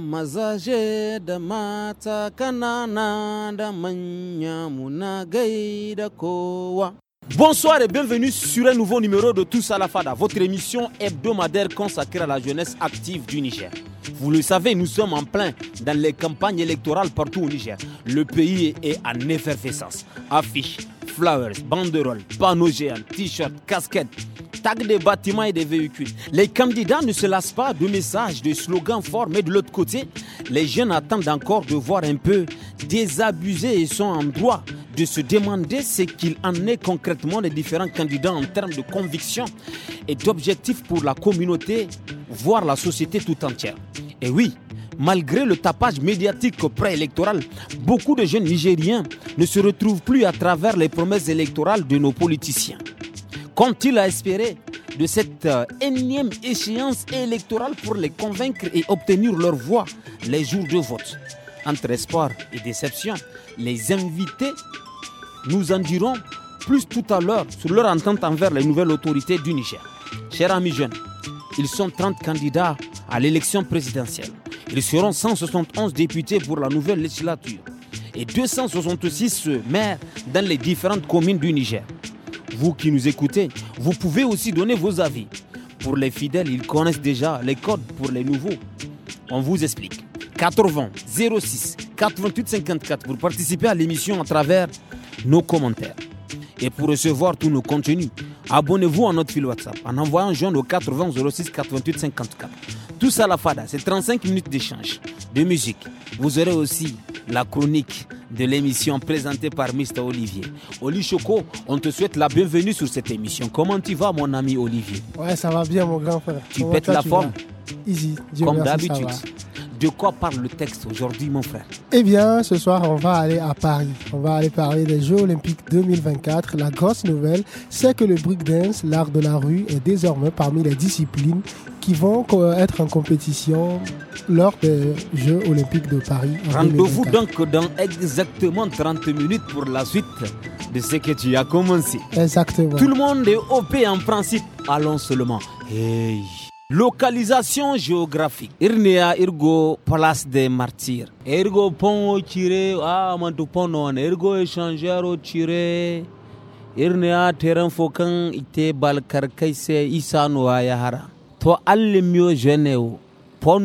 mazaje da mata kanana da manya muna gaida kowa. Bonsoir et bienvenue sur un nouveau numéro de Tous à la Fada, votre émission hebdomadaire consacrée à la jeunesse active du Niger. Vous le savez, nous sommes en plein dans les campagnes électorales partout au Niger. Le pays est en effervescence. Affiches, flowers, banderoles, panneaux géants, t-shirts, casquettes, tags des bâtiments et des véhicules. Les candidats ne se lassent pas de messages, de slogans forts, mais de l'autre côté, les jeunes attendent encore de voir un peu désabusés et sont en droit de se demander ce qu'il en est concrètement des différents candidats en termes de conviction et d'objectifs pour la communauté, voire la société tout entière. Et oui, malgré le tapage médiatique préélectoral, beaucoup de jeunes Nigériens ne se retrouvent plus à travers les promesses électorales de nos politiciens. Qu'ont-ils à espérer de cette euh, énième échéance électorale pour les convaincre et obtenir leur voix les jours de vote Entre espoir et déception, les invités nous en dirons plus tout à l'heure sur leur entente envers les nouvelles autorités du Niger. Chers amis jeunes, ils sont 30 candidats à l'élection présidentielle. Ils seront 171 députés pour la nouvelle législature et 266 maires dans les différentes communes du Niger. Vous qui nous écoutez, vous pouvez aussi donner vos avis. Pour les fidèles, ils connaissent déjà les codes pour les nouveaux. On vous explique. 80 06 88 54 pour participer à l'émission à travers nos commentaires. Et pour recevoir tous nos contenus, abonnez-vous à notre fil WhatsApp en envoyant Jean au 80 06 88 54. Tout ça la fada, c'est 35 minutes d'échange, de musique. Vous aurez aussi la chronique de l'émission présentée par Mr. Olivier. Oli Choco, on te souhaite la bienvenue sur cette émission. Comment tu vas, mon ami Olivier Ouais, ça va bien, mon grand frère. Tu pètes la forme Easy. Comme d'habitude. De quoi parle le texte aujourd'hui, mon frère Eh bien, ce soir, on va aller à Paris. On va aller parler des Jeux Olympiques 2024. La grosse nouvelle, c'est que le breakdance, l'art de la rue, est désormais parmi les disciplines qui vont être en compétition lors des Jeux Olympiques de Paris. Rendez-vous donc dans exactement 30 minutes pour la suite de ce que tu as commencé. Exactement. Tout le monde est OP en principe. Allons seulement. Hey. Localisation géographique. Irnea Ergo, place des martyrs. Ergo, pont tiré, ah mantu pont non. Ergo, échangeur tiré. Irnea terrain fokan ite balkar kaise isano ayahara. To alle mio geneo. Pont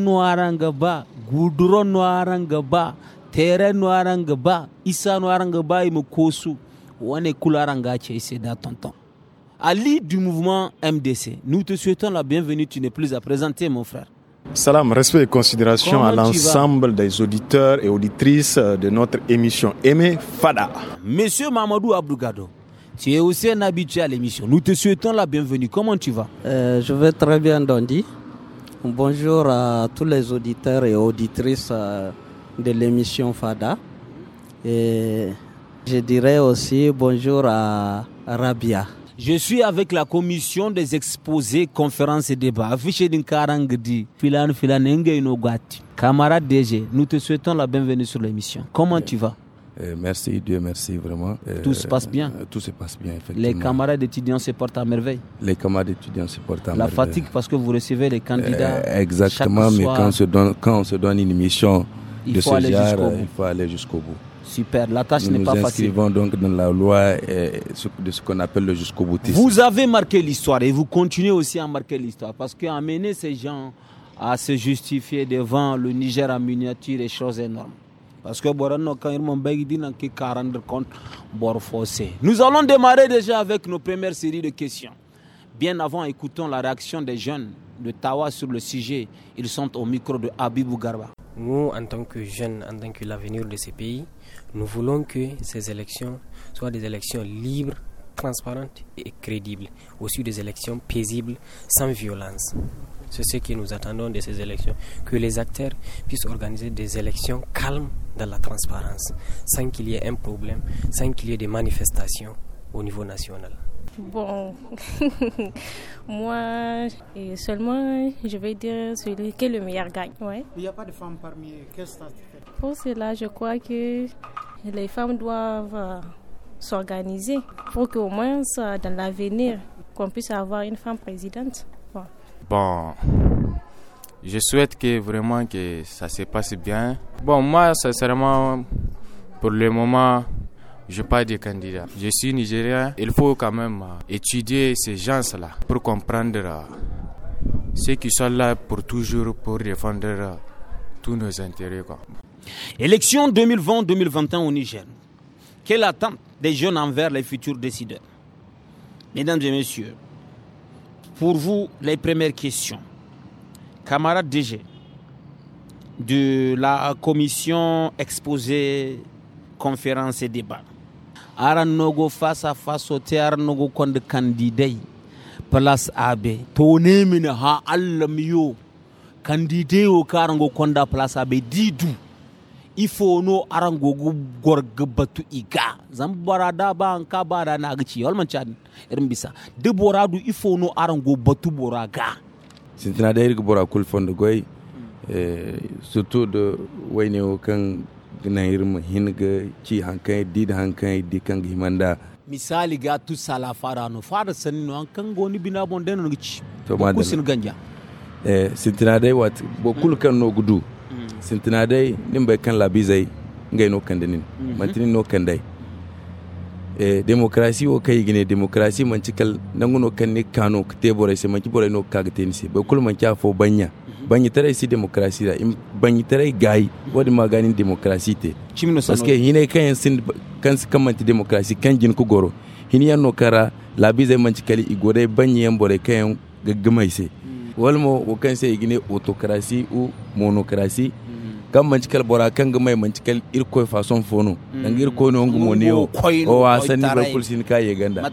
ba, goudron Noarangaba, ba, terrain noiranga ba, isa ba, imokosu. Wane kularanga chese da tonton à du mouvement MDC. Nous te souhaitons la bienvenue, tu n'es plus à présenter mon frère. Salam, respect et considération à l'ensemble des auditeurs et auditrices de notre émission Aimé Fada. Monsieur Mamadou Abdougado, tu es aussi un habitué à l'émission. Nous te souhaitons la bienvenue. Comment tu vas euh, Je vais très bien, Dondi. Bonjour à tous les auditeurs et auditrices euh, de l'émission Fada. Et je dirais aussi bonjour à Rabia. Je suis avec la commission des exposés, conférences et débats. Affiché d'une carangdi. Filan, filan, inogati. Camarade DG, nous te souhaitons la bienvenue sur l'émission. Comment euh, tu vas euh, merci, Dieu merci vraiment. Euh, tout se passe bien. tout se passe bien, effectivement. Les camarades étudiants se portent à merveille. Les camarades étudiants se portent à merveille. La fatigue parce que vous recevez les candidats. exactement, mais Quand, on se donne, quand on se donne une émission de ce genre, il faut aller jusqu'au bout. Super, la tâche n'est pas facile. Nous inscrivons donc dans la loi euh, de ce qu'on appelle le jusqu'au boutisme. Vous avez marqué l'histoire et vous continuez aussi à marquer l'histoire parce qu'amener ces gens à se justifier devant le Niger en miniature est chose énorme. Parce que Nous allons démarrer déjà avec nos premières séries de questions. Bien avant, écoutons la réaction des jeunes de Tawa sur le sujet. Ils sont au micro de Abi Garba nous, en tant que jeunes, en tant que l'avenir de ces pays, nous voulons que ces élections soient des élections libres, transparentes et crédibles, aussi des élections paisibles, sans violence. C'est ce que nous attendons de ces élections, que les acteurs puissent organiser des élections calmes dans la transparence, sans qu'il y ait un problème, sans qu'il y ait des manifestations au niveau national. Bon, moi, et seulement, je vais dire celui qui est le meilleur gagne. Il n'y a pas de parmi eux. Pour cela, je crois que les femmes doivent euh, s'organiser pour qu'au moins, ça, dans l'avenir, qu'on puisse avoir une femme présidente. Bon. Je souhaite que vraiment que ça se passe bien. Bon, moi, sincèrement, pour le moment, je parle de candidat. Je suis nigérien. Il faut quand même euh, étudier ces gens-là pour comprendre euh, ceux qui sont là pour toujours pour défendre euh, tous nos intérêts. Élection 2020-2021 au Niger. Quelle attente des jeunes envers les futurs décideurs Mesdames et messieurs, pour vous, les premières questions. Camarade DG, de la commission exposée, conférence et débat. arannogo face à face sote arannogo konde candidat place AB to min ha allah yo candidat o karango konda place AB didu il faut no go gorga batu iga zan bara da ba an ka bara na gici man chan irin bisa de boradu il faut no arango batu boraga sintina da go bora kul fond goy hmm. eh, surtout de wayne o kan gnairim hinga ci hankai did hankai dikan himanda misali ga tu sala fara no fara sanin no an kan goni bina bon den no ci to ma kusin ganja eh sintina dai wat bo kul kan no gudu mm. sintina dai nim bai kan labizai ngai no kan denin mhm. mantini no kan dai eh demokrasi o kai gine demokrasi man cikal nanguno kan ni kano tebore se man kibore no kagteni se bo kul man kya fo banya ban bagnitarai si demokrasi da bagnitarai gayi wadda ganin demokrasi te paske hine kan sin kan su kamanti demokrasi kan jin ku goro hini yan nokara labi zai manci kali ban yi yan bore kan gaggama ise hmm. walmo wakan sai gine autokrasi u monokrasi kan manchikal bora kan ga mai manchikal irkoi fason fono dan hmm. irko no ngumo ne o o wasan ba sin ka ye ganda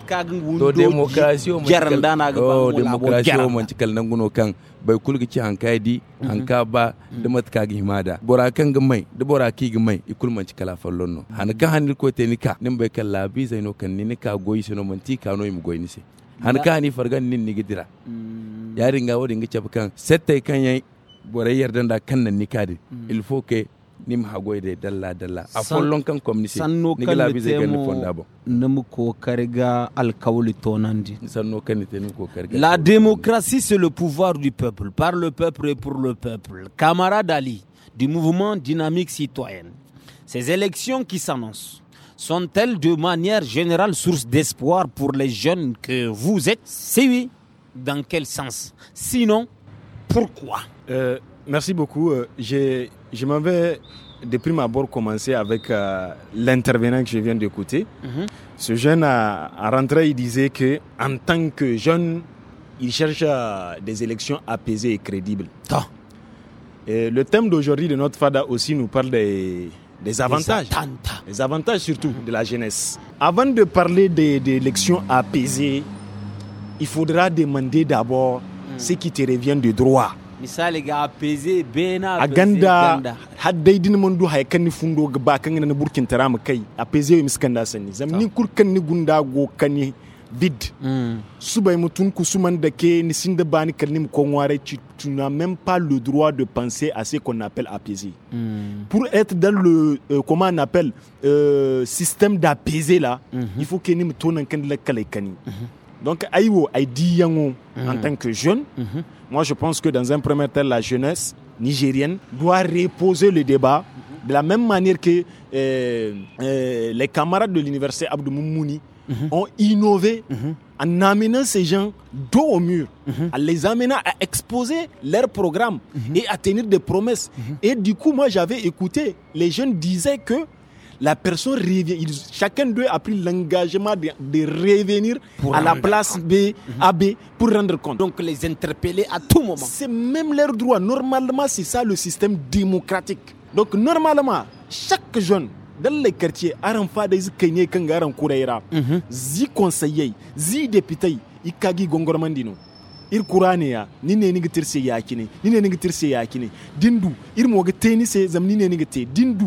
to demokrasi o jaran dana ga o demokrasi o manchikal nan guno kan bai kulga ci hanka di mhm. hanka ba mhm. da matka ga himada bora kan ga mai da bora ki ga mai ikul manchikala fallon no han kan hanil ko te nika nin bai kan labi zaino kan ni nika goyi sino manti kano mu goyi ni se han ka ni fargan nin ni gidira mm. yarin ga wodin ga cap kan sette kan yayi Mm. il faut que nim dalla la démocratie c'est le pouvoir du peuple par le peuple et pour le peuple camarade Ali du mouvement dynamique citoyenne ces élections qui s'annoncent sont-elles de manière générale source d'espoir pour les jeunes que vous êtes Si oui, dans quel sens Sinon, pourquoi euh, merci beaucoup. Euh, je, je m'en vais de prime abord commencer avec euh, l'intervenant que je viens d'écouter. Mhm. Ce jeune, à, rentré il disait que en tant que jeune, il cherche des élections apaisées et crédibles. le thème d'aujourd'hui de notre FADA aussi nous parle des, des avantages. Des, avantages surtout de la jeunesse. Avant de parler des, élections apaisées, il faudra demander d'abord mm. ce qui te revient de droit misali ga apaisé bena a ganda haddai din du hay kan fundo ga ba kan na burkin tara kai apeze mi skanda sani zamni kur kan ni gunda go kan ni bid mm. subai mutun ku suman da ke ni sinda bani kan ni ko ngware ci tu n'as même pas le droit de penser à ce qu'on appelle apaisé mm. pour être dans le euh, comment on appelle euh, système d'apaisé là mm-hmm. il faut que ni mutun kan la kale kani mm -hmm. Donc, Aïwo, Aïdiyango, Yango, en mhm. tant que jeune, mhm. moi je pense que dans un premier temps, la jeunesse nigérienne doit reposer le débat de la même manière que euh, euh, les camarades de l'université Abdou Moumouni mhm. ont innové en amenant ces gens dos au mur, en les amenant à exposer leur programme et à tenir des promesses. Et du coup, moi, j'avais écouté, les jeunes disaient que la personne revient. chacun d'eux a pris l'engagement de, de, revenir à la place B, B pour rendre compte. Donc les interpeller à tout moment. C'est même leur droit. Normalement, c'est ça le système démocratique. Donc normalement, chaque jeune dans les quartiers, aran fada izi kenye kanga aran mhm. Zi conseiller, zi député, ikagi gongormandino. ir kurane ni ne ni gitirse yakine ni ne ni gitirse dindu ir se zam ne ni dindu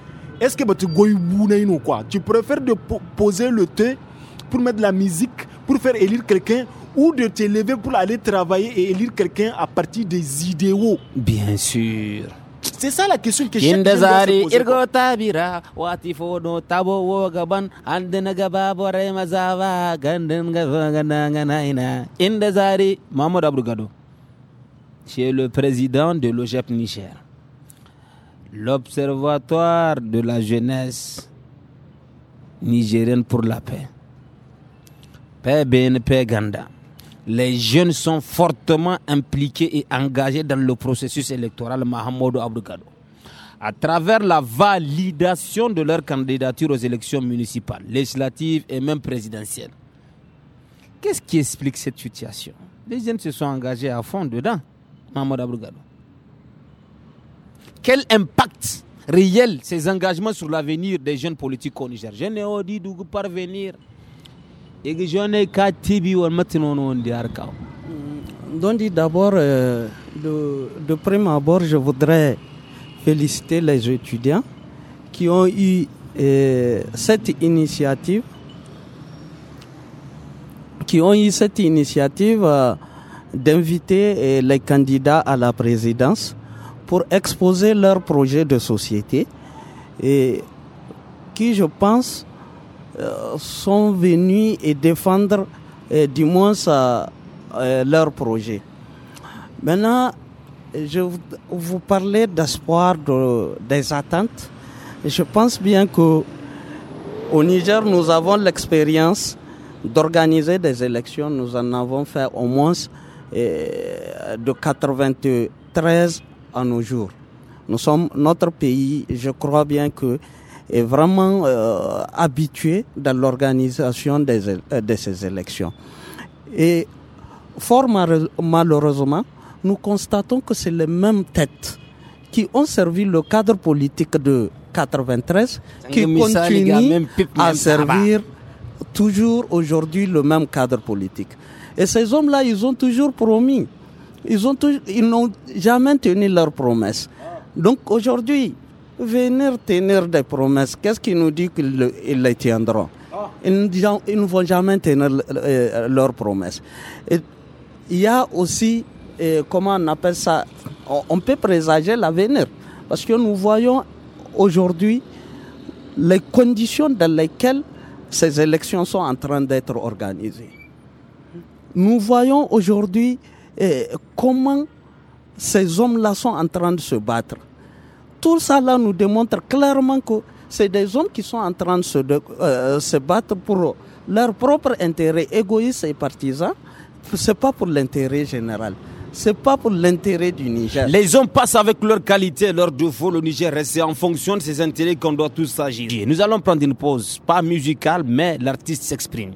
Est-ce que tu préfères poser le thé pour mettre de la musique, pour faire élire quelqu'un ou de t'élever pour aller travailler et élire quelqu'un à partir des idéaux Bien sûr. C'est ça la question que je doit se poser. irgo tabira no tabo le président de l'OGEP Niger l'Observatoire de la jeunesse nigérienne pour la paix. PBNP Ganda. Les jeunes sont fortement impliqués et engagés dans le processus électoral Mahamoudou Abdoukado. À travers la validation de leur candidature aux élections municipales, législatives et même présidentielles. Qu'est-ce qui explique cette situation Les jeunes se sont engagés à fond dedans, Mahamoudou Abdoukado quel impact réel ces engagements sur l'avenir des jeunes politiques au Niger Je n'ai pas dit de parvenir. Et que j'en qu'à Tibi ou maintenant Donc d'abord, euh, de, de prime abord, je voudrais féliciter les étudiants qui ont eu euh, cette initiative qui ont eu cette initiative euh, d'inviter les candidats à la présidence pour exposer leur projet de société et qui, je pense, euh, sont venus et défendre euh, du moins ça, euh, leur projet. Maintenant, je vous parlais d'espoir, des attentes. je pense bien que au Niger, nous avons l'expérience d'organiser des élections. Nous en avons fait au moins de 93 à nos jours. Nous sommes notre pays, je crois bien que est vraiment euh, habitué dans l'organisation euh, de ces élections. Et fort malheureusement, nous constatons que c'est les mêmes têtes qui ont servi le cadre politique de 93 qui continuent à servir toujours aujourd'hui le même cadre politique. Et ces hommes-là, ils ont toujours promis ils ont ils n'ont jamais tenu leurs promesses. Donc aujourd'hui, venir tenir des promesses, qu'est-ce qui nous dit qu'ils les tiendront ah. ils, ils, ne vont jamais tenir euh, leurs promesses. il y a aussi, euh, comment on appelle ça, on peut présager l'avenir. Parce que nous voyons aujourd'hui les conditions dans lesquelles ces élections sont en train d'être organisées. Nous voyons aujourd'hui et comment ces hommes-là sont en train de se battre. Tout ça là nous démontre clairement que c'est des hommes qui sont en train de se, euh, battre pour leur propre intérêt égoïste et partisan. C'est pas pour l'intérêt général. C'est pas pour l'intérêt du Niger. Les hommes passent avec leurs qualités, leurs défauts. Le Niger reste en fonction de ces intérêts qu'on doit tous s'agir. Nous allons prendre une pause, pas musicale, mais l'artiste s'exprime.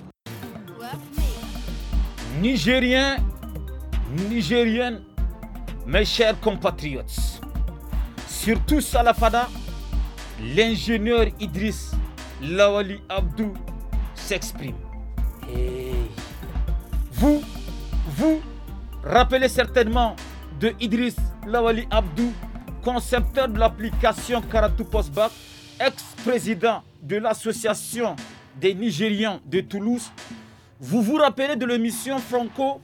Nigérien nigérienne, mes chers compatriotes, surtout Salafada, l'ingénieur Idriss Lawali Abdou s'exprime. Vous, vous rappelez certainement de Idriss Lawali Abdou, concepteur de l'application Karatou Postbac, ex-président de l'association des Nigériens de Toulouse. Vous vous rappelez de l'émission Franco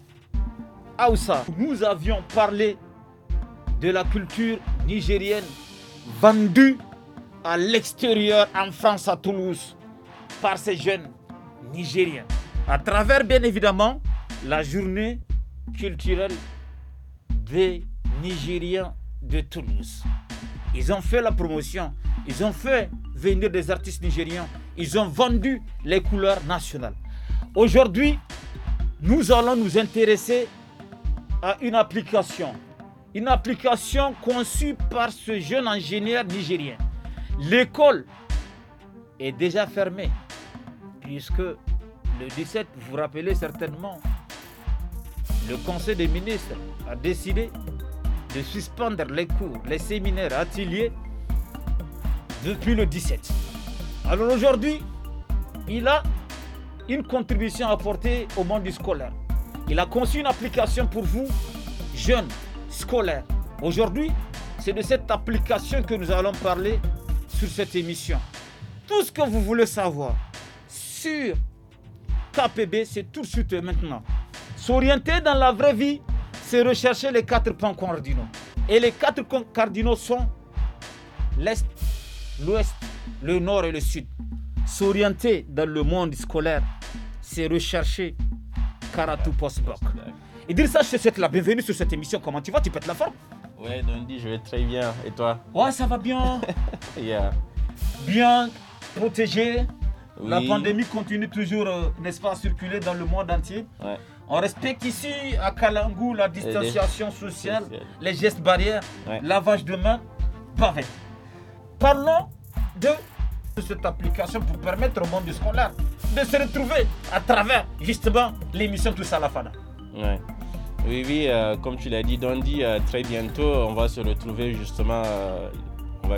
nous avions parlé de la culture nigérienne vendue à l'extérieur, en France, à Toulouse, par ces jeunes nigériens. À travers, bien évidemment, la journée culturelle des Nigériens de Toulouse. Ils ont fait la promotion, ils ont fait venir des artistes nigériens, ils ont vendu les couleurs nationales. Aujourd'hui, nous allons nous intéresser une application. Une application conçue par ce jeune ingénieur nigérien. L'école est déjà fermée, puisque le 17, vous vous rappelez certainement, le Conseil des ministres a décidé de suspendre les cours, les séminaires ateliers depuis le 17. Alors aujourd'hui, il a une contribution apportée au monde scolaire. Il a conçu une application pour vous, jeunes, scolaires. Aujourd'hui, c'est de cette application que nous allons parler sur cette émission. Tout ce que vous voulez savoir sur KPB, c'est tout de suite maintenant. S'orienter dans la vraie vie, c'est rechercher les quatre points cardinaux. Et les quatre points cardinaux sont l'Est, l'Ouest, le Nord et le Sud. S'orienter dans le monde scolaire, c'est rechercher Post et Idrissa, je te souhaite la bienvenue sur cette émission. Comment tu vas Tu pètes la forme Ouais, Dondi, je vais très bien. Et toi Ouais, ça va bien. Bien protégé. La pandémie continue toujours, euh, n'est-ce pas, à circuler dans le monde entier. On respecte ici à Kalangou la distanciation sociale, les gestes barrières, lavage de mains, pareil. Parlons de cette application pour permettre au monde scolaire de se retrouver à travers justement l'émission Tous à la Oui, oui, euh, comme tu l'as dit, Dondi euh, très bientôt, on va se retrouver justement. Euh,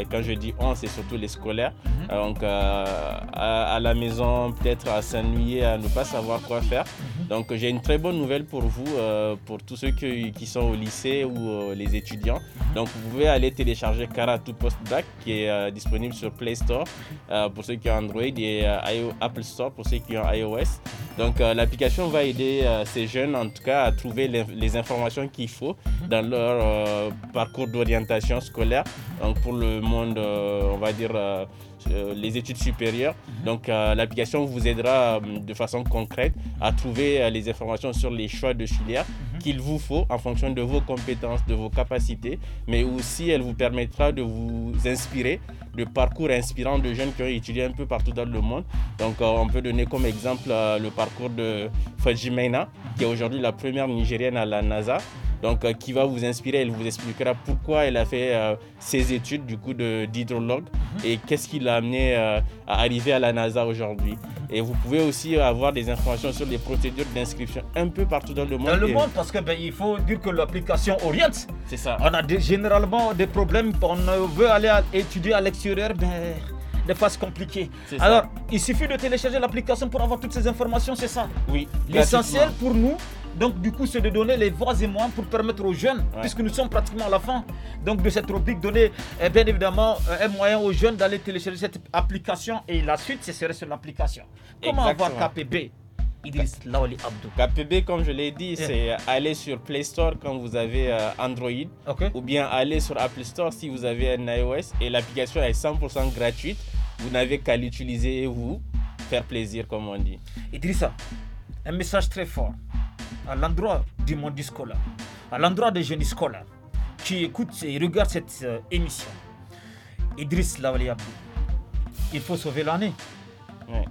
quand je dis on, c'est surtout les scolaires. Mhm. Donc, à, la maison, peut-être à s'ennuyer, à ne pas savoir quoi faire. Mhm. Donc, j'ai une très bonne nouvelle pour vous, pour tous ceux qui, qui sont au lycée ou les étudiants. Donc vous pouvez aller télécharger Kara to postback qui est euh, disponible sur Play Store euh, pour ceux qui ont Android et euh, Apple Store pour ceux qui ont iOS. Donc l'application va aider ces jeunes en tout cas à trouver les, les informations qu'il faut dans leur parcours d'orientation scolaire. Donc pour le monde, on va dire euh, les études supérieures. Mhm. Donc euh, l'application vous aidera euh, de façon concrète à trouver les informations sur les choix de filière mhm. qu'il vous faut en fonction de vos compétences, de vos capacités, mais aussi elle vous permettra de vous inspirer de parcours inspirants de jeunes qui ont étudié un peu partout dans le monde. Donc on peut donner comme exemple le parcours de Fajimena, qui est aujourd'hui la première Nigérienne à la NASA donc euh, qui va vous inspirer. Elle vous expliquera pourquoi elle a fait euh, ses études du coup d'hydrologue mhm. et qu'est-ce qui l'a amené euh, à arriver à la NASA aujourd'hui. Et vous pouvez aussi avoir des informations sur les procédures d'inscription un peu partout dans le monde. Dans le monde, parce que ben, il faut dire que l'application oriente. C'est ça. On a généralement des problèmes. On veut aller étudier à l'extérieur. Ben des phases compliquées. Alors, il suffit de télécharger l'application pour avoir toutes ces informations, c'est ça Oui. L'essentiel pour nous, donc du coup, c'est de donner les voies et moyens pour permettre aux jeunes, puisque nous sommes pratiquement à la fin donc, de cette rubrique, donner eh bien évidemment euh, un moyen aux jeunes d'aller télécharger cette application et la suite, ce serait sur l'application. Comment avoir KPB Idriss Abdou. KPB, comme je l'ai dit, eh. c'est aller sur Play Store quand vous avez euh, Android ou bien aller sur Apple Store si vous avez un iOS et l'application est 100% gratuite. Vous n'avez qu'à l'utiliser et vous faire plaisir, comme on dit. Idrissa, un message très fort à l'endroit du monde scolaire, à l'endroit des jeunes scolaires qui écoutent et regardent cette euh, émission. Idriss Lavaliabou, il faut sauver l'année,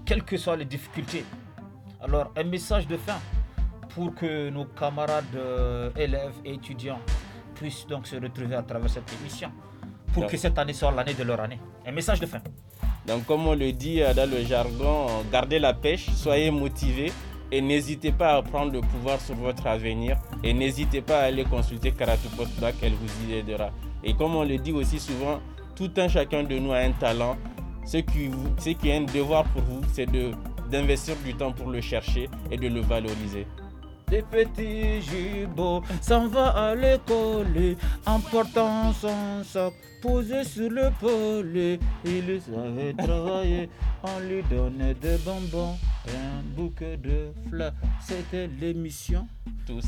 quelles que soient les difficultés. Alors, un message de fin pour que nos camarades euh, élèves et étudiants puissent donc se retrouver à travers cette émission, pour que cette année soit l'année de leur année. Un message de fin. Donc, comme on le dit euh, dans le jargon, gardez la pêche, soyez motivés. Et n'hésitez pas à prendre le pouvoir sur votre avenir. Et n'hésitez pas à aller consulter Karatu Postdoc, elle vous y aidera. Et comme on le dit aussi souvent, tout un chacun de nous a un talent. Ce qui, ce est un devoir pour vous, c'est d'investir du temps pour le chercher et de le valoriser. Des petits jubots s'en va à l'école en portant son sac posé sur le pôle. Il savait travaillé, on lui donnait des bonbons, un bouquet de fleurs. C'était l'émission. Tous.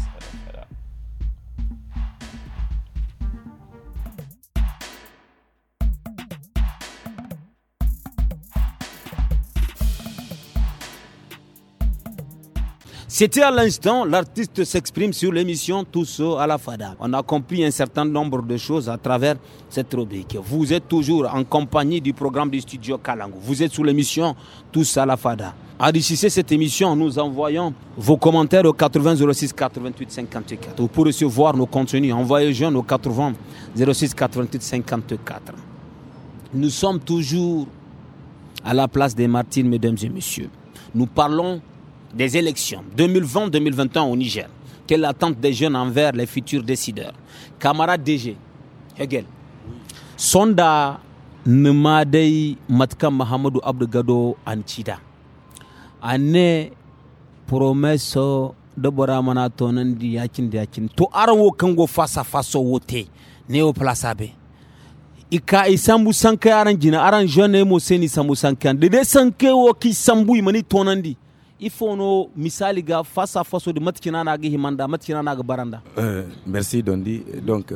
C'était à l'instant, l'artiste s'exprime sur l'émission Tous à la Fada. On a compris un certain nombre de choses à travers cette rubrique. Vous êtes toujours en compagnie du programme du studio Kalango. Vous êtes sous l'émission Tous à la Fada. Enrichissez cette émission nous envoyons vos commentaires au 80 06 88 54. Vous pourrez recevoir nos contenus. Envoyez voyageant au 80 06 88 54. Nous sommes toujours à la place des martyrs, mesdames et messieurs. Nous parlons des élections 2020-2021 au Niger Quelle attente des jeunes envers les futurs décideurs Camarade DG, Hegel, sonda nima Matka matkan Mahamadou Abdou Antida. Ane promesso dabara de tonan di yakin da yakin to arawo kango fasa faso wote ne o place ika isambu sanke aran jina aran jeune mo seni sambu sanke de de sanke wo ki sambu imani tonan faut nous face à face de matkina himanda baranda euh, merci Dondi donc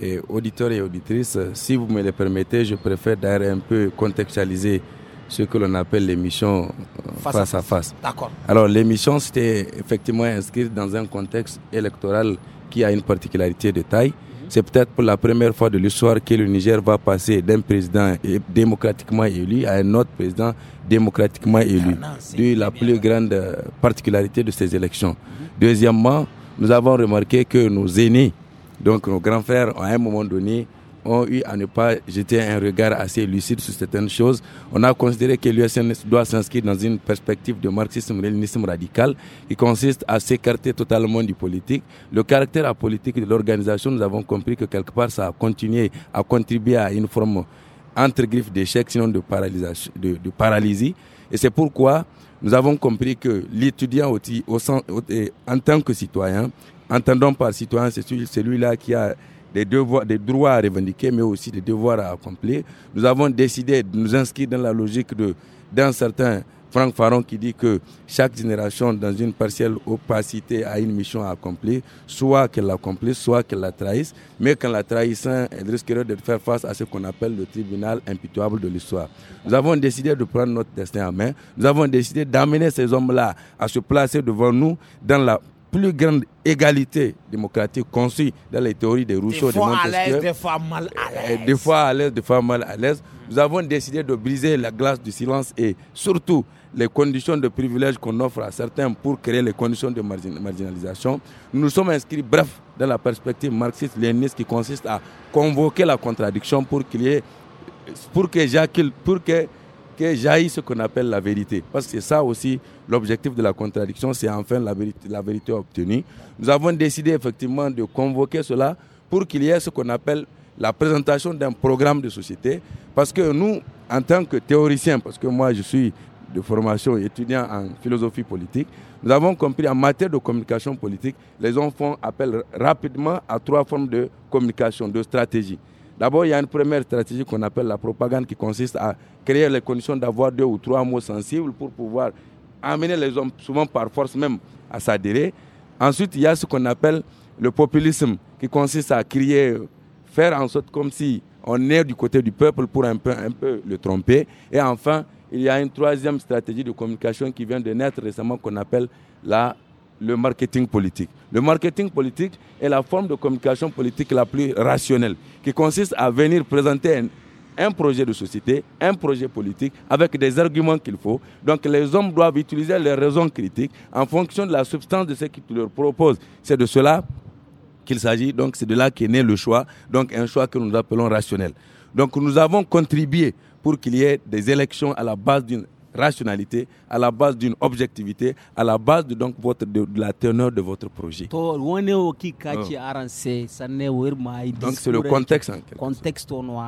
et euh, eh, auditeurs et auditrices euh, si vous me le permettez je préfère d'ailleurs un peu contextualiser ce que l'on appelle l'émission face, face, à face. D'accord. Alors l'émission c'était effectivement inscrite dans un contexte électoral qui a une particularité de taille. C'est peut-être pour la première fois de l'histoire que le Niger va passer d'un président démocratiquement élu à un autre président démocratiquement élu. Ah c'est la plus grande euh, particularité de ces élections. Mm-hmm. Deuxièmement, nous avons remarqué que nos aînés, donc nos grands frères, à un moment donné, ont eu à ne pas jeter un regard assez lucide sur certaines choses. On a considéré que l'USN doit s'inscrire dans une perspective de marxisme-léninisme radical qui consiste à s'écarter totalement du politique. Le caractère politique de l'organisation, nous avons compris que quelque part ça a continué à contribuer à une forme entre griffes d'échec, sinon de, de paralysie. Et c'est pourquoi nous avons compris que l'étudiant en tant que citoyen, entendons par citoyen, c'est celui-là qui a des, devoirs, des droits à revendiquer, mais aussi des devoirs à accomplir. Nous avons décidé de nous inscrire dans la logique de, d'un certain Franck Faron qui dit que chaque génération, dans une partielle opacité, a une mission à accomplir, soit qu'elle l'accomplisse, soit qu'elle la trahisse, mais qu'en la trahissant, elle risquerait de faire face à ce qu'on appelle le tribunal impitoyable de l'histoire. Nous avons décidé de prendre notre destin en main, nous avons décidé d'amener ces hommes-là à se placer devant nous dans la plus grande égalité démocratique conçue dans les théories de Rousseau, des fois à l'aise, des fois mal à eh, eh, l'aise. Des fois à l'aise, des fois mal à l'aise. Nous avons décidé de briser la glace du silence et surtout les conditions de privilège qu'on offre à certains pour créer les conditions de marginalisation. Nous nous sommes inscrits, bref, dans la perspective marxiste-léniniste qui consiste à convoquer la contradiction pour qu'il y ait, pour que, pour que que jaillit ce qu'on appelle la vérité. Parce que c'est ça aussi l'objectif de la contradiction, c'est enfin la vérité, la vérité obtenue. Nous avons décidé effectivement de convoquer cela pour qu'il y ait ce qu'on appelle la présentation d'un programme de société. Parce que nous, en tant que théoriciens, parce que moi je suis de formation étudiant en philosophie politique, nous avons compris en matière de communication politique, les enfants appellent rapidement à trois formes de communication, de stratégie. D'abord, il y a une première stratégie qu'on appelle la propagande qui consiste à créer les conditions d'avoir deux ou trois mots sensibles pour pouvoir amener les hommes, souvent par force même, à s'adhérer. Ensuite, il y a ce qu'on appelle le populisme qui consiste à crier, faire en sorte comme si on est du côté du peuple pour un peu, un peu le tromper. Et enfin, il y a une troisième stratégie de communication qui vient de naître récemment qu'on appelle la le marketing politique. Le marketing politique est la forme de communication politique la plus rationnelle, qui consiste à venir présenter un, projet de société, un projet politique, avec des arguments qu'il faut. Donc les hommes doivent utiliser les raisons critiques en fonction de la substance de ce qu'ils leur proposent. C'est de cela qu'il s'agit, donc c'est de là qu'est né le choix, donc un choix que nous appelons rationnel. Donc nous avons contribué pour qu'il y ait des élections à la base d'une rationalité, à la base d'une objectivité, à la base de, donc, votre, de, la teneur de votre projet. Oh. Donc c'est le contexte en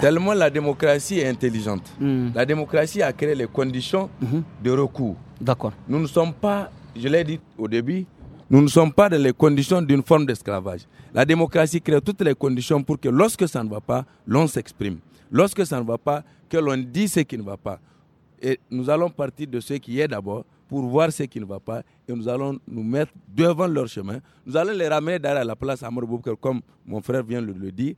Tellement la démocratie est intelligente. Hmm. La démocratie a créé les conditions mhm. de recours. D'accord. Nous ne sommes pas, je l'ai dit au début, nous ne sommes pas dans les conditions d'une forme d'esclavage. La démocratie crée toutes les conditions pour que lorsque ça ne va pas, l'on s'exprime. Lorsque ça ne va pas, que l'on dit ce qui ne va pas. Et nous allons partir de ce qui est d'abord pour voir ce qui ne va pas et nous allons nous mettre devant leur chemin. Nous allons les ramener derrière la place à Boubker, comme mon frère vient de le dire.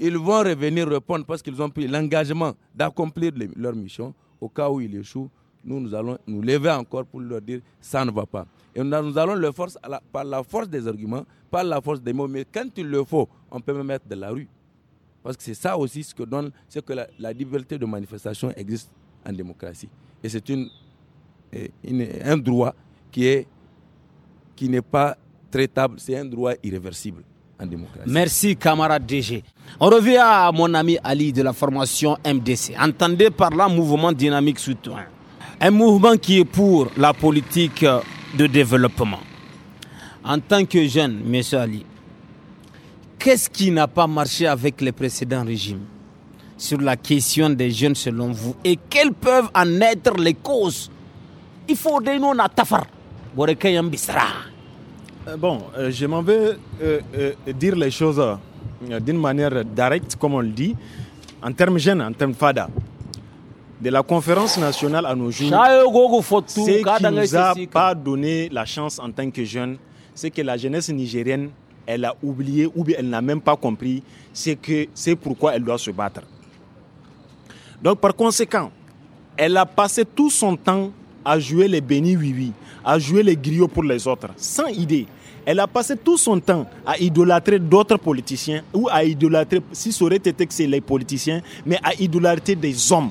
Ils vont revenir répondre parce qu'ils ont pris l'engagement d'accomplir leur mission au cas où ils échouent nous, nous allons nous lever encore pour leur dire ça ne va pas. Et nous allons le force par la force des arguments, par la force des mots. Mais quand il le faut, on peut même mettre de la rue. Parce que c'est ça aussi ce que donne, c'est que la, liberté de manifestation existe en démocratie. Et c'est une, un droit qui est qui n'est pas traitable, c'est un droit irréversible. En démocratie. Merci camarade DG. On revient à mon ami Ali de la formation MDC. Entendez par là mouvement dynamique souterrain. Un mouvement qui est pour la politique de développement. En tant que jeune, M. Ali, qu'est-ce qui n'a pas marché avec les précédents régimes sur la question des jeunes selon vous et quelles peuvent en être les causes Il faut des noms Tafar. Euh, bon, euh, je m'en vais euh, dire les choses d'une manière directe, comme on le dit, en termes jeunes, en termes fada de la conférence nationale à nos jours, ce qui nous a pas donné la chance en tant que jeunes, c'est que la jeunesse nigérienne, elle a oublié ou bien elle n'a même pas compris c'est que c'est pourquoi elle doit se battre. Donc par conséquent, elle a passé tout son temps à jouer les bénis oui à jouer les griots pour les autres, sans idée. Elle a passé tout son temps à idolâtrer d'autres politiciens ou à idolâtrer, si ça aurait été que c'est les politiciens, mais à idolâtrer des hommes.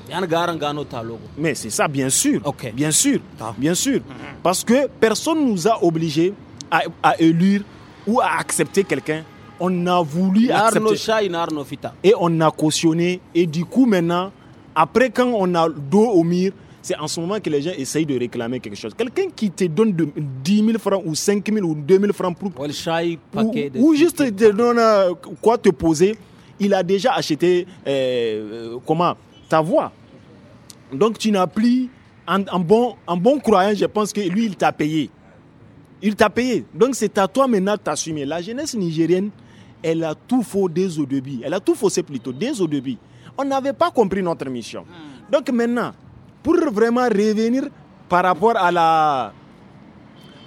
Mais c'est ça, bien sûr. Bien sûr. Bien sûr. Parce que personne nous a obligés à, à élire ou à accepter quelqu'un. On a voulu accepter. Et on a cautionné. Et du coup, maintenant, après, quand on a dos au mur, c'est en ce moment que les gens essayent de réclamer quelque chose. Quelqu'un qui te donne de 10 000 francs ou 5 000 ou 2 000 francs pour... Ou, juste te donne euh, quoi te poser, il a déjà acheté euh, euh, comment ta voix. Donc tu n'as plus... En, bon, en bon croyant, je pense que lui, il t'a payé. Il t'a payé. Donc c'est à toi maintenant de t'assumer. La jeunesse nigérienne, elle a tout faux dès au début. Elle a tout faussé plutôt dès au début. On n'avait pas compris notre mission. Hmm. Donc maintenant, pour vraiment revenir par rapport à la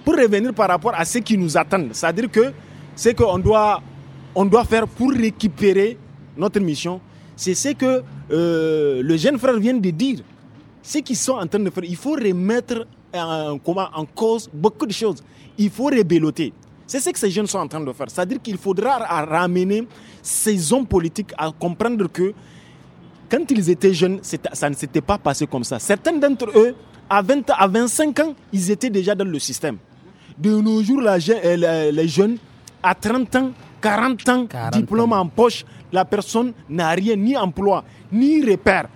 pour revenir par rapport à ce qui nous attend. C'est-à-dire que ce qu'on doit, on doit faire pour récupérer notre mission, c'est ce que euh, le jeune frère vient de dire. Ce qu'ils sont en train de faire, il faut remettre en, cause beaucoup de choses. Il faut rébelloter. C'est ce que ces jeunes sont en train de faire. C'est-à-dire qu'il faudra ramener ces hommes politiques à comprendre que quand ils étaient jeunes, ça ne s'était pas passé comme ça. Certains d'entre eux, à, 20, à 25 ans, ils étaient déjà dans le système. De nos jours, euh, les jeunes, à 30 ans, 40 ans, diplôme en poche, la personne n'a rien, ni emploi, ni repère.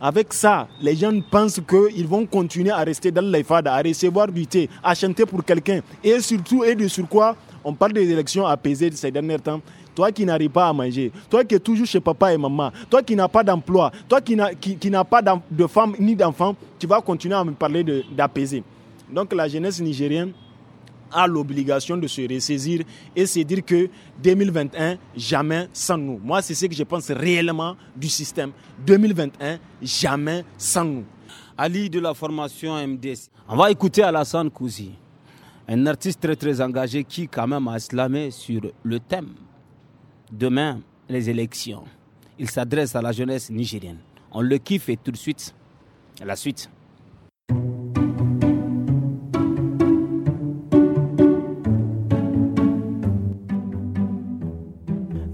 Avec ça, les gens pensent qu'ils vont continuer à rester dans l'EFAD, à recevoir du thé, à chanter pour quelqu'un. Et surtout, et de sur quoi, on parle des élections apaisées ces derniers temps toi qui n'arrives pas à manger, toi qui es toujours chez papa et maman, toi qui n'as pas d'emploi, toi qui n'as qui, pas de femme ni d'enfant, tu vas continuer à me parler d'apaiser. Donc la jeunesse nigérienne a l'obligation de se ressaisir et se dire que 2021, jamais sans nous. Moi, c'est ce que je pense réellement du système. 2021, jamais sans nous. Ali de la formation MDS. On va écouter Alassane Kouzi, un artiste très très engagé qui quand même a slamé sur le thème demain les élections. Il s'adresse à la jeunesse nigérienne. On le kiffe et tout de suite, la suite.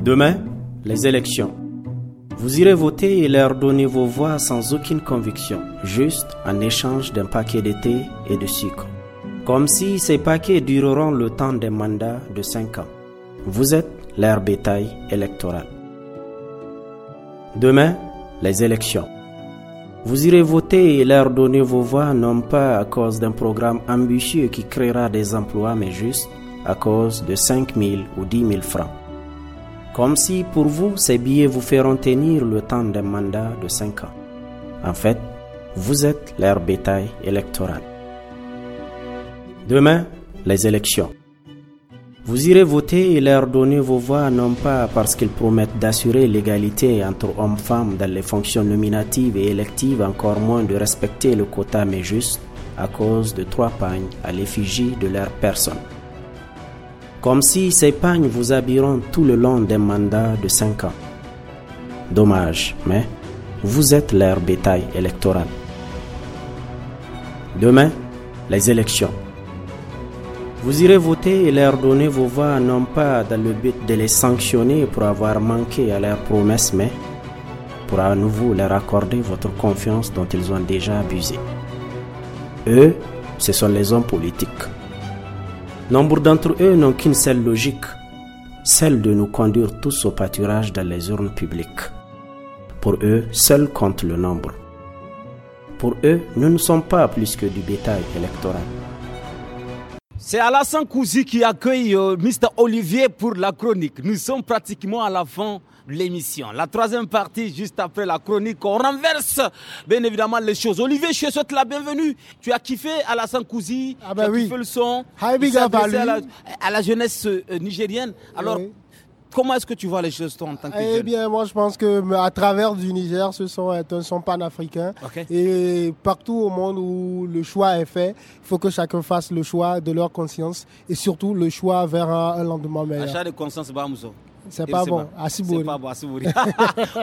Demain, les élections. Vous irez voter et leur donner vos voix sans aucune conviction, juste en échange d'un paquet de thé et de sucre. Comme si ces paquets dureront le temps d'un mandat de 5 ans. Vous êtes L'air bétail électoral. Demain, les élections. Vous irez voter et leur donner vos voix non pas à cause d'un programme ambitieux qui créera des emplois, mais juste à cause de 5 000 ou 10 000 francs. Comme si pour vous, ces billets vous feront tenir le temps d'un mandat de 5 ans. En fait, vous êtes l'air bétail électoral. Demain, les élections. Vous irez voter et leur donner vos voix non pas parce qu'ils promettent d'assurer l'égalité entre hommes-femmes dans les fonctions nominatives et électives, encore moins de respecter le quota mais juste à cause de trois pagnes à l'effigie de leur personne. Comme si ces pagnes vous habilleront tout le long d'un mandat de 5 ans. Dommage, mais vous êtes leur bétail électoral. Demain, les élections. Vous irez voter et leur donner vos voix non pas dans le but de les sanctionner pour avoir manqué à leurs promesses, mais pour à nouveau leur accorder votre confiance dont ils ont déjà abusé. Eux, ce sont les hommes politiques. Nombre d'entre eux n'ont qu'une seule logique, celle de nous conduire tous au pâturage dans les urnes publiques. Pour eux, seul compte le nombre. Pour eux, nous ne sommes pas plus que du bétail électoral. C'est Alassane Kouzi qui accueille euh, Mr. Olivier pour la chronique. Nous sommes pratiquement à la fin de l'émission. La troisième partie, juste après la chronique, on renverse bien évidemment les choses. Olivier, je te souhaite la bienvenue. Tu as kiffé Alassane Kouzi, ah tu ben as kiffé le son. Hi, big à, la, la jeunesse euh, nigérienne. Alors, Comment est-ce que tu vois les choses, toi, en tant que Eh bien, moi, je pense que euh, à travers du Niger, ce sont est euh, un son panafricain. Et partout au monde où le choix est fait, il faut que chacun fasse le choix de leur conscience et surtout le choix vers un, lendemain meilleur. Achat de conscience, C'est pas, bon. C'est pas bon, Asibouri.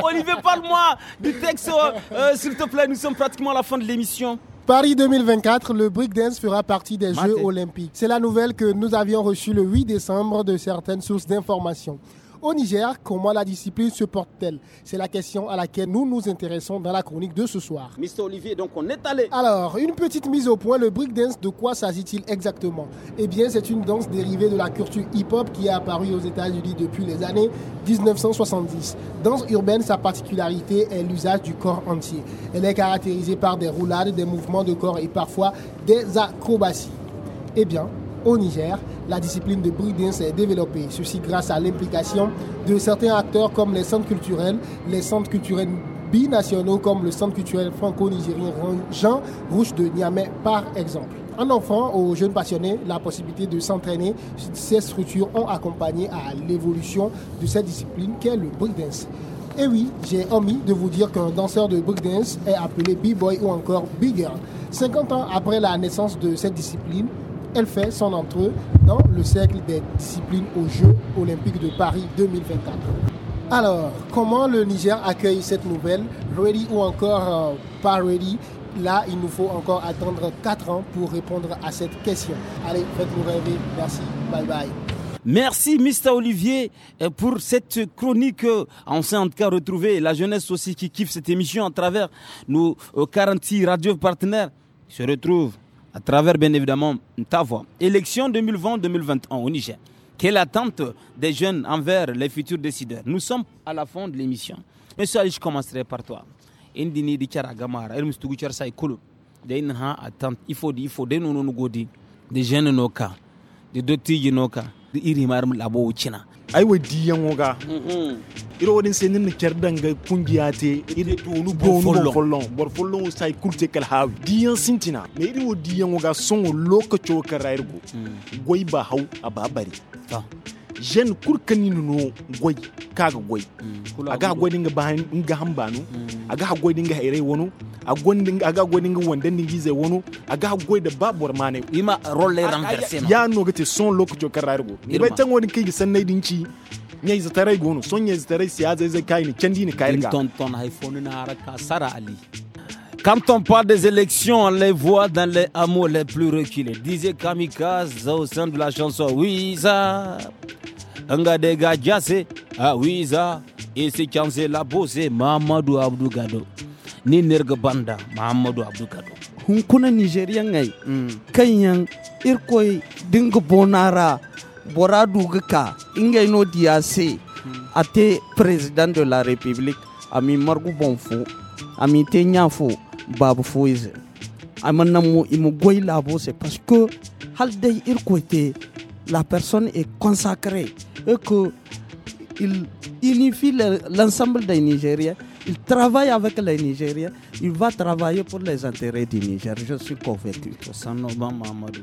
Olivier, parle-moi du texte, euh, s'il te plaît. Nous sommes pratiquement à la fin de l'émission. Paris 2024, le dance fera partie des Jeux olympiques. C'est la nouvelle que nous avions reçue le 8 décembre de certaines sources d'informations. Au Niger, comment la discipline se porte-t-elle C'est la question à laquelle nous nous intéressons dans la chronique de ce soir. Mr Olivier, donc on est allé. Alors, une petite mise au point, le brick dance, de quoi s'agit-il exactement Eh bien, c'est une danse dérivée de la culture hip-hop qui est apparue aux États-Unis depuis les années 1970. Danse urbaine, sa particularité est l'usage du corps entier. Elle est caractérisée par des roulades, des mouvements de corps et parfois des acrobaties. Eh bien, au Niger. La discipline de breakdance s'est développée, ceci grâce à l'implication de certains acteurs comme les centres culturels, les centres culturels binationaux comme le centre culturel franco-nigérien Jean Rouge de Niamey par exemple. En offrant aux jeunes passionnés la possibilité de s'entraîner, ces structures ont accompagné à l'évolution de cette discipline qu'est le breakdance. Et oui, j'ai omis de vous dire qu'un danseur de breakdance est appelé B-boy ou encore b-girl. 50 ans après la naissance de cette discipline, elle fait son entrée dans le cercle des disciplines aux Jeux olympiques de Paris 2024. Alors, comment le Niger accueille cette nouvelle Ready ou encore euh, pas ready Là, il nous faut encore attendre 4 ans pour répondre à cette question. Allez, faites vous rêver. Merci. Bye bye. Merci, Mr. Olivier, euh, pour cette chronique. On euh, s'est en tout cas retrouvé la jeunesse aussi qui kiffe cette émission à travers nos 46 radio partenaires. Se retrouve à travers bien évidemment ta voix. Élection 2020-2021 au Niger. Quelle attente des jeunes envers les futurs décideurs Nous sommes à la fin de l'émission. Monsieur Ali, je commencerai par toi. Indini Gamara, il aiwa diyan woga iro wadin qui nin kungiya te bonu follon bor follon sai kurte kal hawi diyan sintina me iri wo son goyba ababari jen kurkani no goy kaga goy mm. aga goy dinga ba nga inga hambano mm. aga goy dinga hairai wano aga goy dinga wonde dingi zai wano aga goy da babuwar mane ima role renverse ya no gati son lokaci karar go ni bai tan wani kai san nai dinci tare zatarai gono son nyai zatarai siya zai zai kai ni kendi ni kai ga ton ton fonu na haraka sara ali Quand on parle des élections, on les voit dans les hameaux les plus reculés. Disait Kamikaze au sein de la chanson Wiza. Ngadega Jase, ah Oui Et c'est quand c'est la bosse. Mamadou Abdou Gado. Ni nergabanda, Banda, Mamadou Abdou On connaît Nigérien, mm. Kanyan, Irkoi, Dingo Bonara, Boradu Gaka, no Diase, Ate, président de la République, Ami Margou Bonfou, Ami Tenyafou c'est parce que la personne est consacrée et que il unifie l'ensemble des Nigériens il travaille avec les Nigériens, il va travailler pour les intérêts du Niger, je suis convaincu. je Mamadou,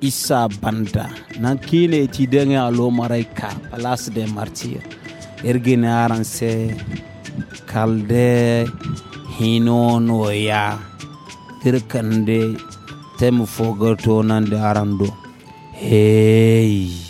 Issa Banda nan kile ti denge alo maraika Place des Martyrs ergene aranse kalde hinono ya kirkande temu fogoto nan da arando hey